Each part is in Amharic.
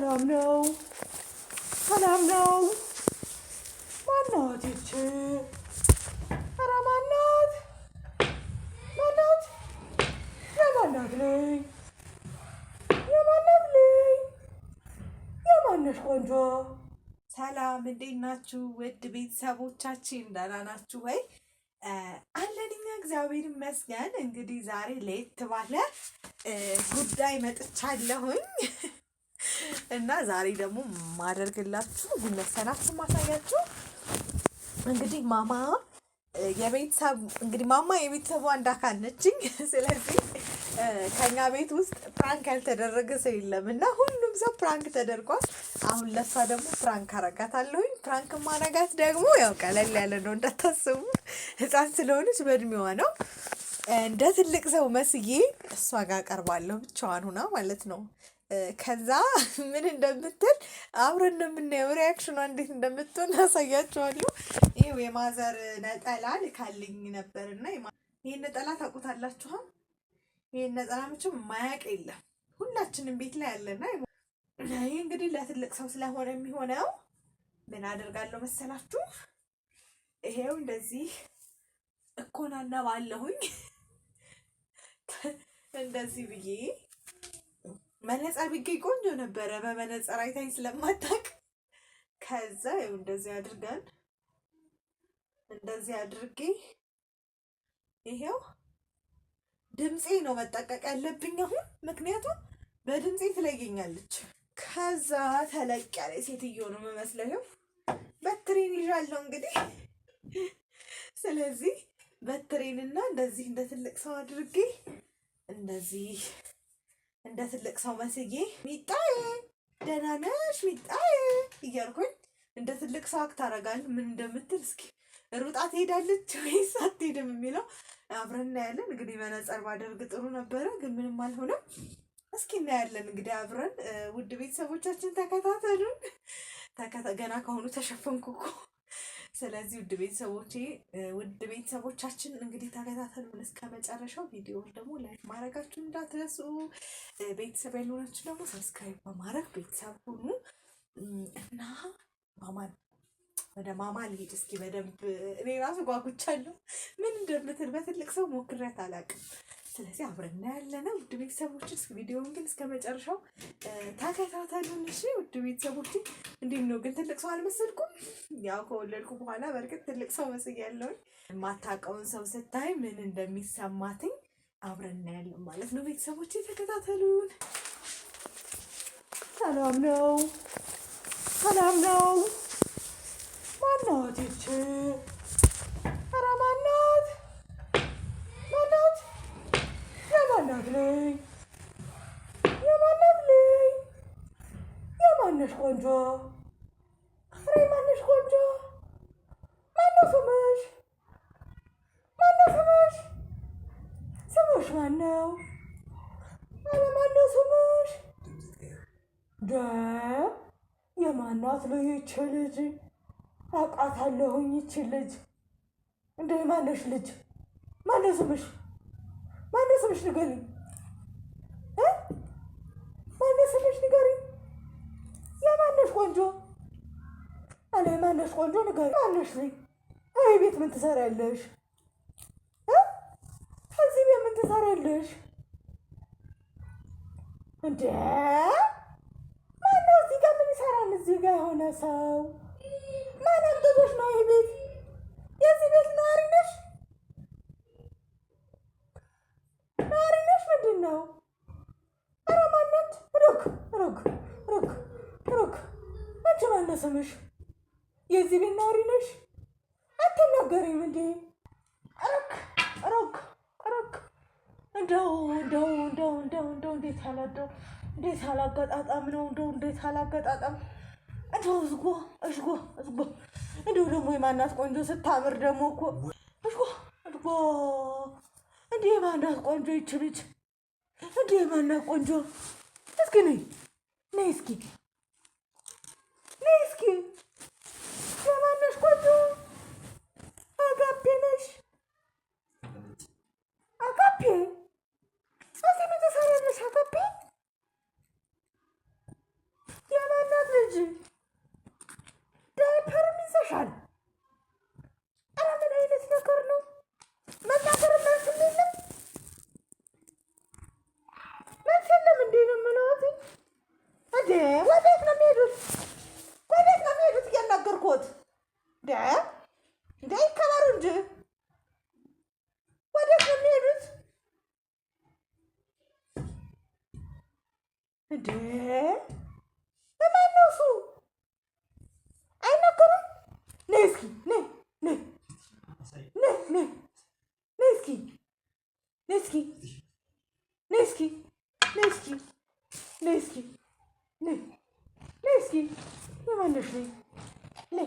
ሰላም ነው፣ ሰላም ነው። ማናት ይች? ኧረ ማናት? ማናት? የማናት ልኝ? የማናት ልኝ? የማነሽ ቆንጆ? ሰላም እንዴት ናችሁ? ውድ ቤተሰቦቻችን ደህና ናችሁ ወይ? አለን እኛ እግዚአብሔር ይመስገን። እንግዲህ ዛሬ ለየት ባለ ጉዳይ መጥቻለሁኝ። እና ዛሬ ደግሞ ማደርግላችሁ ጉነሰናችሁ ማሳያችሁ እንግዲህ ማማ የቤተሰብ እንግዲህ ማማ የቤተሰቡ አንድ አካል ነችኝ። ስለዚህ ከኛ ቤት ውስጥ ፕራንክ ያልተደረገ ሰው የለም እና ሁሉም ሰው ፕራንክ ተደርጓል። አሁን ለሷ ደግሞ ፕራንክ አረጋታለሁኝ። ፕራንክ ማረጋት ደግሞ ያው ቀለል ያለ ነው እንዳታስቡ። ሕፃን ስለሆነች በእድሜዋ ነው። እንደ ትልቅ ሰው መስዬ እሷ ጋር ቀርባለሁ ብቻዋን ሁና ማለት ነው። ከዛ ምን እንደምትል አብረን እንደምናየው ሪያክሽኗ እንዴት እንደምትሆን አሳያችኋለሁ። ይኸው የማዘር ነጠላ ልካልኝ እና ይህን ነጠላ ታውቁታላችኋል። ይህን ነጠላ ምችም ማያቅ የለም ሁላችንም ቤት ላይ ያለና ይህ እንግዲህ ለትልቅ ሰው ስለሆነ የሚሆነው ምን አደርጋለሁ መሰላችሁ? ይሄው እንደዚህ እኮናና ባለሁኝ እንደዚህ ብዬ መነጸር ቢገኝ ቆንጆ ነበረ። በመነጸር አይታኝ ስለማታውቅ ከዛ ይኸው እንደዚህ አድርገን እንደዚህ አድርጌ ይሄው ድምፄ ነው መጠቀቅ ያለብኝ አሁን፣ ምክንያቱም በድምፄ ትለየኛለች። ከዛ ተለቅ ያለ ሴትዮ ነው የምመስለው። ይኸው በትሬን ይዣለሁ እንግዲህ። ስለዚህ በትሬንና እንደዚህ እንደ ትልቅ ሰው አድርጌ እንደዚህ እንደ ትልቅ ሰው መስዬ ሚጣዬ ደህና ነሽ ሚጣዬ እያልኩኝ እንደ ትልቅ ሰው አክት አደርጋለሁ። ምን እንደምትል እስኪ ሩጣ ትሄዳለች ወይስ አትሄድም የሚለው አብረን እናያለን። እንግዲህ መነጽር ባደርግ ጥሩ ነበረ፣ ግን ምንም አልሆነም። እስኪ እናያለን እንግዲህ አብረን። ውድ ቤተሰቦቻችን ተከታተሉን። ገና ከሆኑ ተሸፈንኩ እኮ ስለዚህ ውድ ቤተሰቦቼ ውድ ቤተሰቦቻችን እንግዲህ ተከታተሉ እስከ መጨረሻው። ቪዲዮውን ደግሞ ላይክ ማድረጋችሁ እንዳትረሱ። ቤተሰብ ያልሆናችሁ ደግሞ ሰብስክራይብ በማድረግ ቤተሰብ ሁኑ እና ማማን ወደ ማማ ልሄድ እስኪ በደንብ እኔ ራሱ ጓጉቻለሁ። ምን እንደምትል በትልቅ ሰው ሞክሬያት አላውቅም። ስለዚህ አብረን እናያለን ውድ ቤተሰቦች። እስኪ ቪዲዮውን ግን እስከ መጨረሻው ተከታተሉን እሺ ውድ ቤተሰቦች። እንዴት ነው ግን ትልቅ ሰው አልመሰልኩም? ያው ከወለድኩ በኋላ በእርግጥ ትልቅ ሰው መስያለሁኝ። የማታውቀውን ሰው ስታይ ምን እንደሚሰማትኝ አብረን እናያለን ማለት ነው ቤተሰቦች፣ ተከታተሉን። ሰላም ነው፣ ሰላም ነው። ማናወቴችን ቆንጆ ፍሬ ማነሽ ቆንጆ ማነው ስምሽ? ማነው ስምሽ? ስምሽ ማነው? አለ ማነው ስምሽ? የማናት ልዩ ይቺ ልጅ አውቃታለሁኝ። ይቺ ልጅ እንደ ማነሽ ልጅ ማነው ስምሽ? ማነው ስምሽ ንገሪኝ። ማነሽ? ቆንጆ ንገሪው ማነሽ ነኝ። አይ ቤት ምን ትሰሪያለሽ? እዚህ ቤት ምን ትሰሪያለሽ? እንደ ማነው እዚህ ምን ይሰራል? እዚህ ጋር የሆነ ሰው ማን አምጥቶሽ ነው? ይሄ ቤት የዚህ ቤት ነዋሪ ነሽ? ነዋሪ ነሽ? ምንድን ነው? ኧረ ማነት ሩክ ሩክ ሩክ ሩክ አንቺ ማነው ስምሽ? የዚህ ቤት ነዋሪ ነሽ? አትናገሪም እንዴ? ረክ ረክ ረክ እንደው እንደው እንደው እንደው እንደው እንዴት አላደው እንዴት አላገጣጣም ነው እንደው እንዴት አላገጣጣም እንደው እዝጎ እዝጎ እዝጎ እንደው ደግሞ የማናት ቆንጆ ስታምር ደግሞ እኮ እዝጎ እዝጎ እንዴ የማናት ቆንጆ ይችልች እንዴ የማናት ቆንጆ እስኪ ነይ ነይ እስኪ እንደ ይከበሩ እንጂ ወደ ከሚሄዱት እንደ በማነው እሱ አይመከሩም። ነይ እስኪ ነይ ነይ ነይ ነይ ነይ እስኪ ነይ እስኪ ነይ እስኪ ነይ እስኪ ነይ እስኪ ነይ ነይ እስኪ የማነሽ ነይ ነይ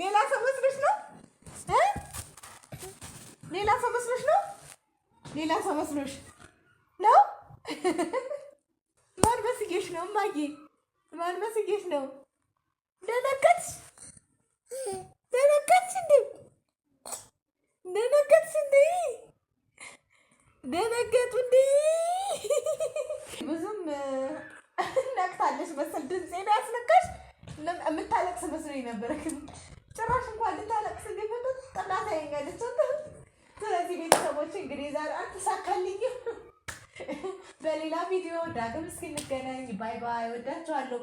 ሌላ ሰው መስሎሽ ነው? ሌላ ሰው መስሎሽ ነው? ሌላ ሰው መስሎሽ ነው? ማን መስጌሽ ነው? እማዬ ማን መስጌሽ ነው? ደነገጥሽ? ደነገጥሽ እንዴ? ደነገጥሽ እንዴ? ደነገጡ እንዴ? ብዙም ነቅታለሽ መሰል ድምጼ ነው ያስነካሽ። የምታለቅስ መስሎኝ ነበረ ግን ጭራሽ እንኳን ልታለቅስ ሊፈጠት ጥላት አይንገድች። ስለዚህ ቤተሰቦች እንግዲህ ዛሬ አልተሳካልኝም። በሌላ ቪዲዮ ዳግም እስኪ ባይ ባይ። ወዳችኋለሁ።